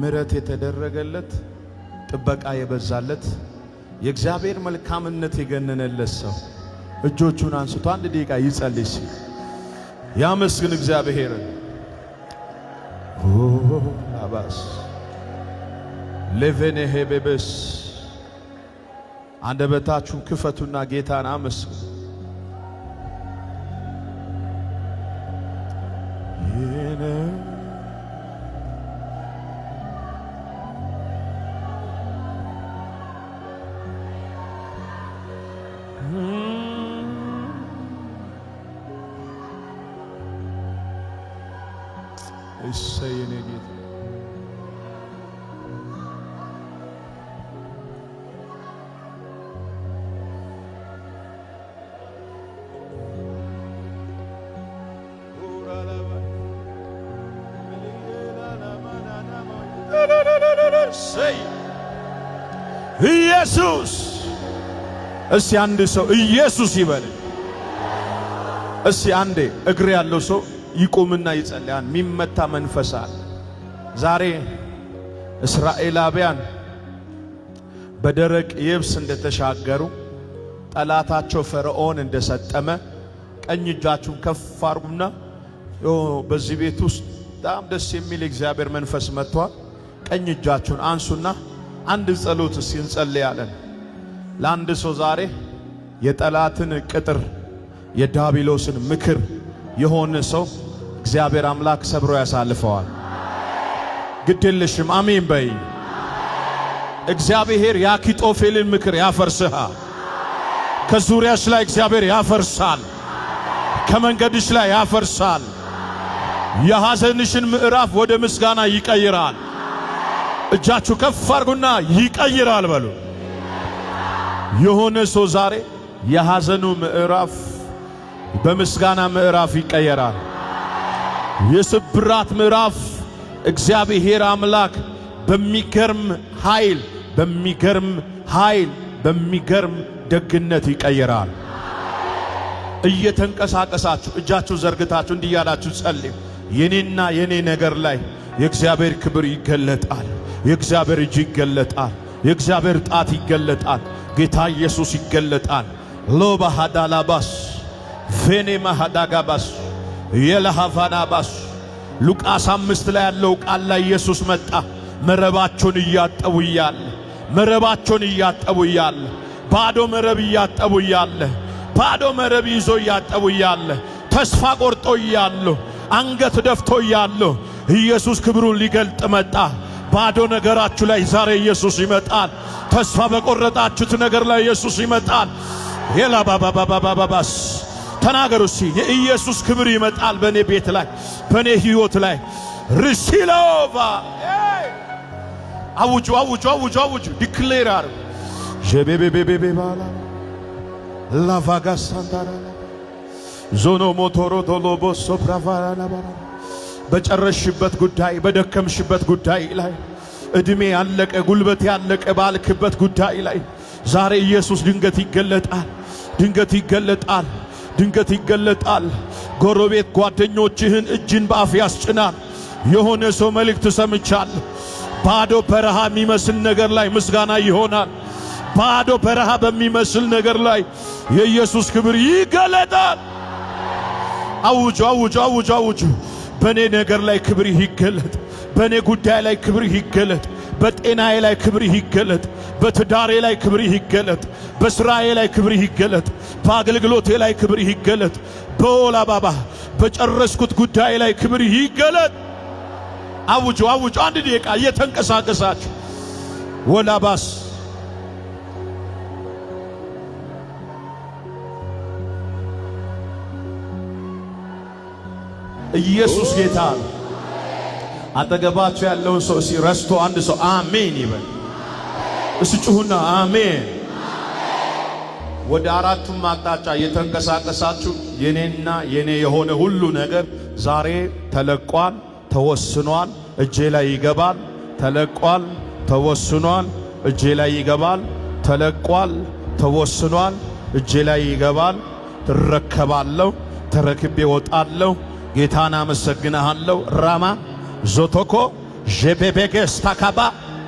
ምረት የተደረገለት ጥበቃ የበዛለት የእግዚአብሔር መልካምነት የገነነለት ሰው እጆቹን አንስቶ አንድ ደቂቃ ይጸልይ ያመስግን እግዚአብሔርን። አባስ ሌቬኔ ሄቤበስ አንደበታችሁን ክፈቱና ጌታን አመስግኑ። ይነ ኢየሱስ እስቲ አንድ ሰው ኢየሱስ ይበል። እስቲ አንዴ እግር ያለው ሰው ይቁምና ይጸልያል። የሚመታ መንፈስ አለ። ዛሬ እስራኤላውያን በደረቅ የብስ እንደተሻገሩ ጠላታቸው ፈርዖን እንደሰጠመ ቀኝ እጃችሁን ከፍ አርጉና በዚህ ቤት ውስጥ በጣም ደስ የሚል የእግዚአብሔር መንፈስ መጥቷል። ቀኝ እጃችሁን አንሱና አንድ ጸሎት እስኪ እንጸልያለን። ለአንድ ሰው ዛሬ የጠላትን ቅጥር የዳቢሎስን ምክር የሆነ ሰው እግዚአብሔር አምላክ ሰብሮ ያሳልፈዋል። ግድልሽም አሜን በይ። እግዚአብሔር የአኪጦፌልን ምክር ያፈርስሃ ከዙሪያሽ ላይ እግዚአብሔር ያፈርሳል። ከመንገድሽ ላይ ያፈርሳል። የሐዘንሽን ምዕራፍ ወደ ምስጋና ይቀይራል። እጃችሁ ከፍ አርጉና ይቀይራል በሉ። የሆነ ሰው ዛሬ የሐዘኑ ምዕራፍ በምስጋና ምዕራፍ ይቀየራል። የስብራት ምዕራፍ እግዚአብሔር አምላክ በሚገርም ኃይል በሚገርም ኃይል በሚገርም ደግነት ይቀይራል። እየተንቀሳቀሳችሁ እጃችሁ ዘርግታችሁ እንዲያላችሁ ጸልዩ። የኔና የኔ ነገር ላይ የእግዚአብሔር ክብር ይገለጣል። የእግዚአብሔር እጅ ይገለጣል። የእግዚአብሔር ጣት ይገለጣል። ጌታ ኢየሱስ ይገለጣል። ሎባ ሃዳላባስ ፌኔ ማሃዳጋባስ የለሃፋናባስ ሉቃስ አምስት ላይ ያለው ቃል ላይ ኢየሱስ መጣ። መረባቸውን እያጠቡ እያለ መረባቸውን እያጠቡ እያለ ባዶ መረብ እያጠቡ እያለ ባዶ መረብ ይዞ እያጠቡ እያለ ተስፋ ቆርጦ እያሉ አንገት ደፍቶ እያሉ ኢየሱስ ክብሩን ሊገልጥ መጣ። ባዶ ነገራችሁ ላይ ዛሬ ኢየሱስ ይመጣል። ተስፋ በቆረጣችሁት ነገር ላይ ኢየሱስ ይመጣል። ሄላ ባባባባባባስ ተናገሩ እስቲ የኢየሱስ ክብር ይመጣል በእኔ ቤት ላይ በእኔ ሕይወት ላይ ርሲላባ አውጁ አውጁ አውጁ አውጁ ዲክሌር አር ጀቤቤቤቤቤ ባላ ላቫጋ ሳንታራ ዞኖ ሞቶሮ ዶሎቦሶ ብራቫራ ናባራ በጨረሽበት ጉዳይ፣ በደከምሽበት ጉዳይ ላይ እድሜ ያለቀ ጉልበት ያለቀ ባልክበት ጉዳይ ላይ ዛሬ ኢየሱስ ድንገት ይገለጣል። ድንገት ይገለጣል። ድንገት ይገለጣል። ጎረቤት ጓደኞችህን እጅን በአፍ ያስጭናል። የሆነ ሰው መልእክት ሰምቻል። ባዶ በረሃ የሚመስል ነገር ላይ ምስጋና ይሆናል። ባዶ በረሃ በሚመስል ነገር ላይ የኢየሱስ ክብር ይገለጣል። አውጁ! አውጁ! አውጁ! አውጁ! በእኔ ነገር ላይ ክብርህ ይገለጥ። በእኔ ጉዳይ ላይ ክብርህ ይገለጥ። በጤናዬ ላይ ክብርህ ይገለጥ። በትዳሬ ላይ ክብርህ ይገለጥ። በሥራዬ ላይ ክብርህ ይገለጥ። በአገልግሎቴ ላይ ክብርህ ይገለጥ። በኦላባባ በጨረስኩት ጉዳይ ላይ ክብርህ ይገለጥ። አውጆ አውጆ አንድ ደቂቃ እየተንቀሳቀሳችሁ ወላባስ ኢየሱስ ጌታ ነው። አጠገባችሁ ያለውን ሰው እስቲ አንድ ሰው አሜን ይበል። እሱ ጩሁና አሜን። ወደ አራቱም አቅጣጫ እየተንቀሳቀሳችሁ የኔና የኔ የሆነ ሁሉ ነገር ዛሬ ተለቋል፣ ተወስኗል፣ እጄ ላይ ይገባል። ተለቋል፣ ተወስኗል፣ እጄ ላይ ይገባል። ተለቋል፣ ተወስኗል፣ እጄ ላይ ይገባል። ትረከባለሁ፣ ተረክቤ ወጣለሁ ጌታን አመሰግንሃለሁ። ራማ ዞቶኮ ዠቤቤጌስ ታካባ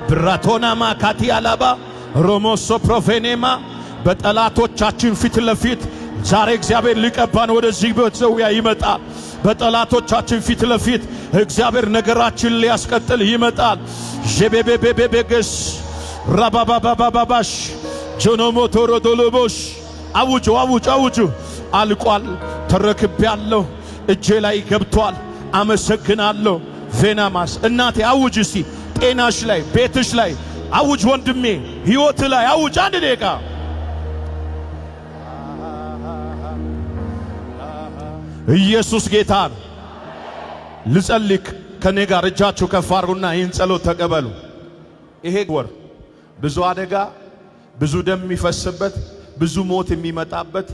ብራቶናማ ካቲ አላባ ሮሞሶ ፕሮፌኔማ በጠላቶቻችን ፊት ለፊት ዛሬ እግዚአብሔር ሊቀባን ወደዚህ በዘውያ ይመጣል። በጠላቶቻችን ፊት ለፊት እግዚአብሔር ነገራችን ሊያስቀጥል ይመጣል። ዠቤቤቤቤጌስ ራባባባባባባሽ ጆኖሞቶሮዶሎቦሽ አውጁ አውጁ አውጁ። አልቋል። ተረክቤያለሁ እጄ ላይ ገብቷል። አመሰግናለሁ። ቬናማስ እናቴ አውጅ እስቲ ጤናሽ ላይ ቤትሽ ላይ አውጅ፣ ወንድሜ ሕይወት ላይ አውጅ። አንድ ደቂቃ ኢየሱስ ጌታ ልጸልክ ከኔ ጋር እጃችሁ ከፍ አርጉና ይህን ጸሎት ተቀበሉ። ይሄ ወር ብዙ አደጋ፣ ብዙ ደም የሚፈስበት፣ ብዙ ሞት የሚመጣበት፣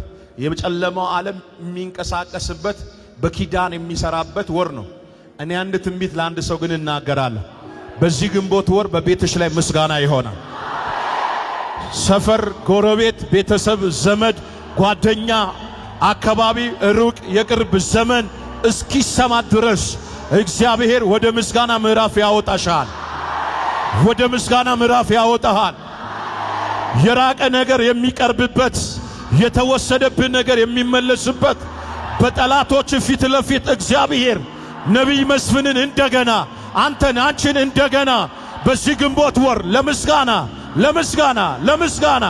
የጨለማው ዓለም የሚንቀሳቀስበት በኪዳን የሚሰራበት ወር ነው። እኔ አንድ ትንቢት ለአንድ ሰው ግን እናገራለሁ። በዚህ ግንቦት ወር በቤትሽ ላይ ምስጋና ይሆናል። ሰፈር፣ ጎረቤት፣ ቤተሰብ፣ ዘመድ፣ ጓደኛ፣ አካባቢ፣ ሩቅ፣ የቅርብ ዘመን እስኪሰማ ድረስ እግዚአብሔር ወደ ምስጋና ምዕራፍ ያወጣሻል። ወደ ምስጋና ምዕራፍ ያወጣሃል። የራቀ ነገር የሚቀርብበት፣ የተወሰደብን ነገር የሚመለስበት በጠላቶች ፊት ለፊት እግዚአብሔር ነቢይ መስፍንን እንደገና አንተን አንቺን እንደገና በዚህ ግንቦት ወር ለምስጋና ለምስጋና ለምስጋና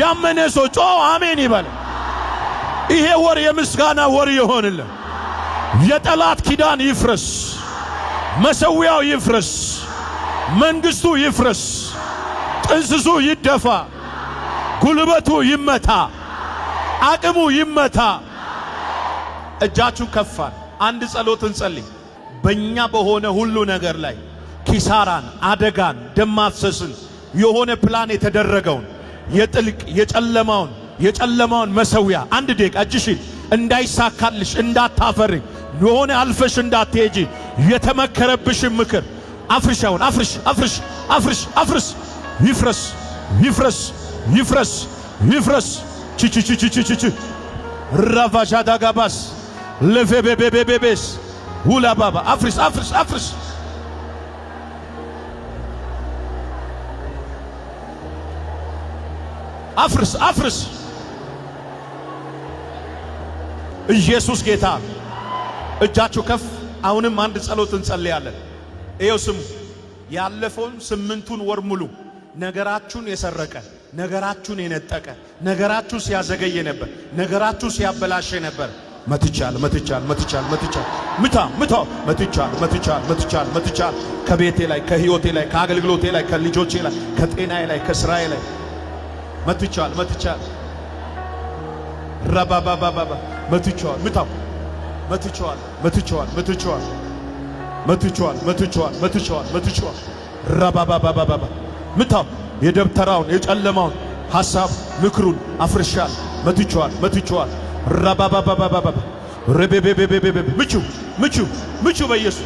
ያመነ ሰው ጮ አሜን ይበል። ይሄ ወር የምስጋና ወር ይሆንል። የጠላት ኪዳን ይፍረስ፣ መሠዊያው ይፍረስ፣ መንግሥቱ ይፍረስ፣ ጥንስሱ ይደፋ፣ ጉልበቱ ይመታ፣ አቅሙ ይመታ። እጃችሁ ከፋል። አንድ ጸሎት እንጸልይ። በእኛ በሆነ ሁሉ ነገር ላይ ኪሳራን፣ አደጋን፣ ደም ማፍሰስን የሆነ ፕላን የተደረገውን የጥልቅ የጨለማውን የጨለማውን መሰዊያ አንድ ደቂቃ እጅሽን እንዳይሳካልሽ እንዳታፈሪ የሆነ አልፈሽ እንዳትሄጂ የተመከረብሽን ምክር አፍርሻውን አፍርሽ አፍርሽ አፍርሽ አፍርሽ ይፍረስ ይፍረስ ይፍረስ ይፍረስ ቺቺቺቺቺቺ ራቫሻ ለፌቤቤቤቤቤስ ሁላ ባባ አፍርስ አፍርስ አፍርስ አፍርስ አፍርስ ኢየሱስ ጌታ። እጃችሁ ከፍ። አሁንም አንድ ጸሎት እንጸልያለን። ይኸው ስሙ። ያለፈውን ስምንቱን ወር ሙሉ ነገራችሁን የሰረቀ ነገራችሁን የነጠቀ ነገራችሁ ሲያዘገየ ነበር፣ ነገራችሁ ሲያበላሸ ነበር መትቻል መትቻል መትቻል መትቻል ምታ ምታ መትቻል መትቻል መትቻል መትቻል ከቤቴ ላይ ከህይወቴ ላይ ከአገልግሎቴ ላይ ከልጆቼ ላይ ከጤናዬ ላይ ከስራዬ ላይ መትቻል መትቻል ረባባባባ መትቻል ምታ መትቻል መትቻል መትቻል መትቻል መትቻል መትቻል መትቻል ረባባባባ ምታ የደብተራውን የጨለማውን ሐሳብ ምክሩን አፍርሻል መትቻል መትቻል ራባባባባባ ምቹ ምቹ ምቹ በኢየሱስ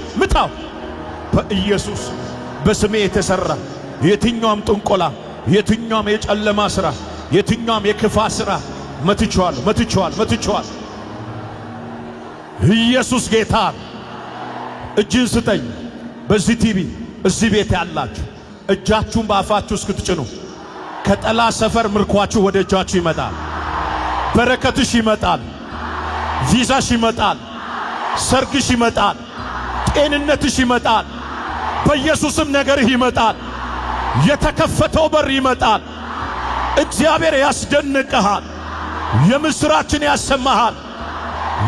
በኢየሱስ በስሜ የተሰራ የትኛውም ጥንቆላ፣ የትኛውም የጨለማ ሥራ፣ የትኛውም የክፋ ሥራ መትቼዋል፣ ኢየሱስ ጌታ እጅን ስጠኝ። በዚህ ቲቪ እዚህ ቤት ያላችሁ እጃችሁን በአፋችሁ እስክትጭኑ ከጠላ ሰፈር ምርኳችሁ ወደ እጃችሁ ይመጣል። በረከትሽ ይመጣል፣ ቪዛሽ ይመጣል፣ ሰርግሽ ይመጣል፣ ጤንነትሽ ይመጣል። በኢየሱስም ነገርህ ይመጣል። የተከፈተው በር ይመጣል። እግዚአብሔር ያስደንቅሃል። የምስራችን ያሰማሃል።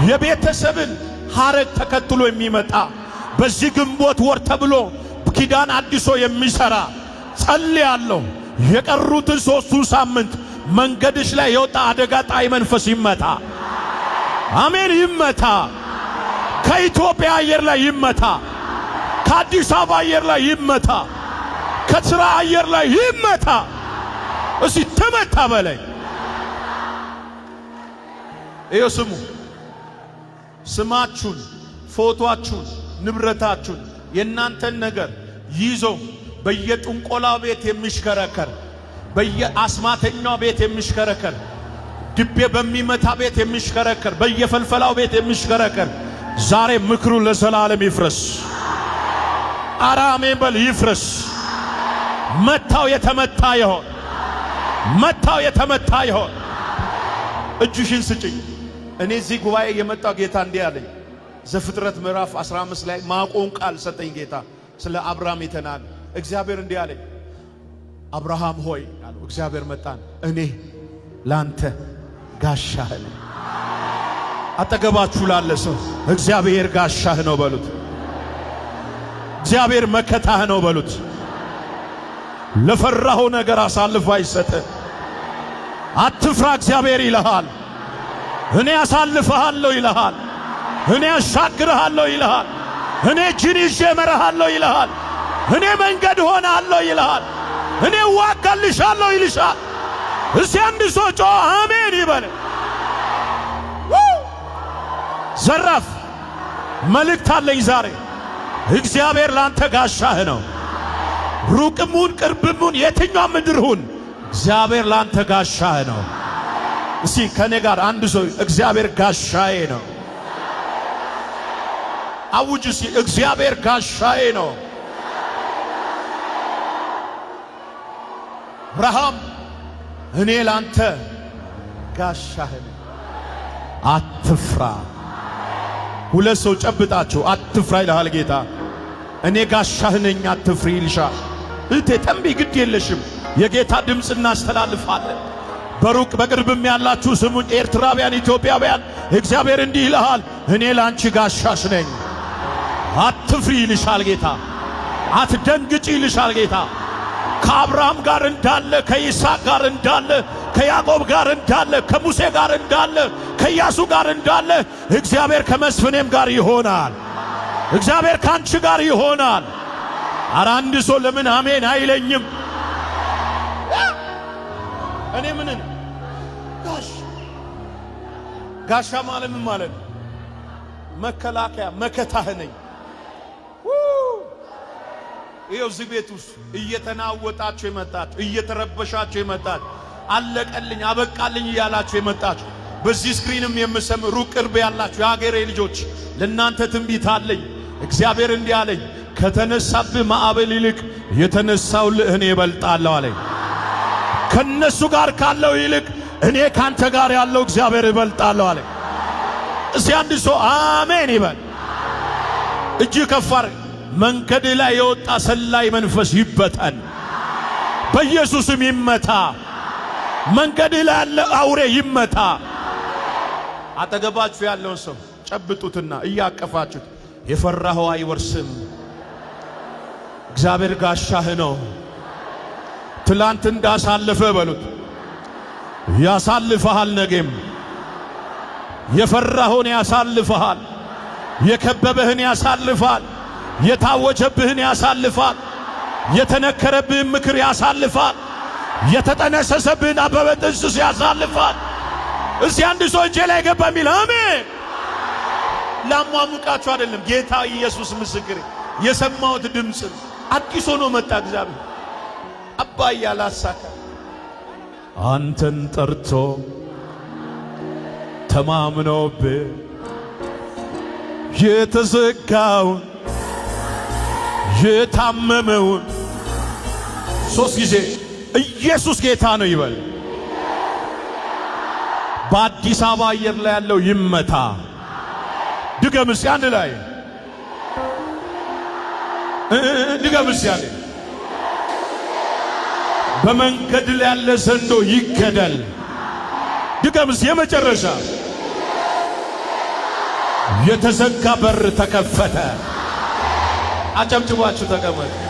የቤተሰብን ሐረግ ተከትሎ የሚመጣ በዚህ ግንቦት ወር ተብሎ ኪዳን አዲሶ የሚሰራ ጸልያለሁ። የቀሩትን ሦስቱን ሳምንት መንገድሽ ላይ የወጣ አደጋ ጣይ መንፈስ ይመታ። አሜን፣ ይመታ። ከኢትዮጵያ አየር ላይ ይመታ። ከአዲስ አበባ አየር ላይ ይመታ። ከስራ አየር ላይ ይመታ። እስቲ ተመታ በላይ እዩ፣ ስሙ። ስማችሁን፣ ፎቶአችሁን፣ ንብረታችሁን የእናንተን ነገር ይዞ በየጥንቆላ ቤት የሚሽከረከር በየአስማተኛው ቤት የሚሽከረከር ድቤ በሚመታ ቤት የሚሽከረከር በየፈልፈላው ቤት የሚሽከረከር ዛሬ ምክሩ ለዘላለም ይፍረስ። አራሜ በል ይፍረስ። መታው የተመታ ይሆን፣ መታው የተመታ ይሆን። እጅሽን ስጭኝ። እኔ እዚህ ጉባኤ የመጣው ጌታ እንዲህ አለኝ። ዘፍጥረት ምዕራፍ 15 ላይ ማቆም ቃል ሰጠኝ ጌታ ስለ አብርሃም ይተናል እግዚአብሔር እንዲህ አለኝ አብርሃም ሆይ አለው። እግዚአብሔር መጣን። እኔ ላንተ ጋሻህ ነኝ። አጠገባችሁ ላለ ሰው እግዚአብሔር ጋሻህ ነው በሉት። እግዚአብሔር መከታህ ነው በሉት። ለፈራኸው ነገር አሳልፎ አይሰጥህ። አትፍራ፣ እግዚአብሔር ይልሃል። እኔ አሳልፈሃለሁ ይልሃል። እኔ አሻግርሃለሁ ይልሃል። እኔ እጅን ይዤ እመራሃለሁ ይልሃል። እኔ መንገድ ሆነሃለሁ ይልሃል። እኔ ዋጋልሻለሁ ይልሻል። እስቲ አንድ ሰው ጮ አሜን ይበል። ዘራፍ መልእክት አለኝ ዛሬ። እግዚአብሔር ላንተ ጋሻህ ነው። ሩቅሙን ቅርብሙን የትኛው ምድር ሁን እግዚአብሔር ላንተ ጋሻህ ነው። እሺ ከኔ ጋር አንድ ሰው እግዚአብሔር ጋሻዬ ነው። አውጅ እስቲ እግዚአብሔር ጋሻዬ ነው። አብርሃም እኔ ላንተ ጋሻህን አትፍራ። ሁለት ሰው ጨብጣችሁ አትፍራ ይልሃል ጌታ። እኔ ጋሻህ ነኝ አትፍሪ ይልሻል። እቴ ጠንቢ ግድ የለሽም። የጌታ ድምፅ እናስተላልፋለን። በሩቅ በቅርብም ያላችሁ ስሙኝ፣ ኤርትራውያን፣ ኢትዮጵያውያን እግዚአብሔር እንዲህ ይልሃል፣ እኔ ላንቺ ጋሻሽ ነኝ። አትፍሪ ይልሻል ጌታ። አትደንግጪ ይልሻል ጌታ። ከአብርሃም ጋር እንዳለ፣ ከይስሐቅ ጋር እንዳለ፣ ከያዕቆብ ጋር እንዳለ፣ ከሙሴ ጋር እንዳለ፣ ከኢያሱ ጋር እንዳለ እግዚአብሔር ከመስፍኔም ጋር ይሆናል። እግዚአብሔር ካንቺ ጋር ይሆናል። አረ አንድ ሰው ለምን አሜን አይለኝም? እኔ ምንን ጋሽ ጋሻ ማለት ምን ማለት መከላከያ መከታህ ነኝ። ይኸው እዚህ ቤት ውስጥ እየተናወጣችሁ የመጣችሁ እየተረበሻችሁ የመጣችሁ አለቀልኝ አበቃልኝ እያላችሁ የመጣችሁ በዚህ ስክሪንም የምሰም ሩቅ ቅርብ ያላችሁ የአገሬ ልጆች ለእናንተ ትንቢት አለኝ። እግዚአብሔር እንዲህ አለኝ፣ ከተነሳብህ ማዕበል ይልቅ የተነሳው እኔ እበልጣለሁ አለኝ። ከነሱ ጋር ካለው ይልቅ እኔ ካንተ ጋር ያለው እግዚአብሔር እበልጣለሁ አለኝ። እስቲ አንድ ሰው አሜን ይበል። እጅ ከፋር መንገድ ላይ የወጣ ሰላይ መንፈስ ይበተን፣ በኢየሱስም ይመታ። መንገድ ላይ ያለ አውሬ ይመታ። አጠገባችሁ ያለውን ሰው ጨብጡትና እያቀፋችሁት የፈራኸው አይወርስም፣ እግዚአብሔር ጋሻህ ነው። ትላንት እንዳሳለፈ በሉት ያሳልፈሃል። ነገም የፈራኸውን ያሳልፈሃል። የከበበህን ያሳልፈሃል። የታወጀብህን ያሳልፋል። የተነከረብህን ምክር ያሳልፋል። የተጠነሰሰብህን አበበ ጥንስስ ያሳልፋል። እስቲ አንድ ሰው እጄ ላይ ገባ የሚል አሜን። ላሟሙቃችሁ አይደለም፣ ጌታ ኢየሱስ ምስክር የሰማሁት ድምፅ አዲስ ሆኖ መጣ። እግዚአብሔር አባ ያላሳካ አንተን ጠርቶ ተማምኖብ የተዘጋውን የታመመውን ሶስት ጊዜ ኢየሱስ ጌታ ነው ይበል። በአዲስ አበባ አየር ላይ ያለው ይመታ። ድገም እስቲ አንድ ላይ ድገም እስቲ አንድ። በመንገድ ላይ ያለ ዘንዶ ይገደል። ድገም እስቲ የመጨረሻ የተዘጋ በር ተከፈተ። አጨብጭባችሁ ተቀመጡ።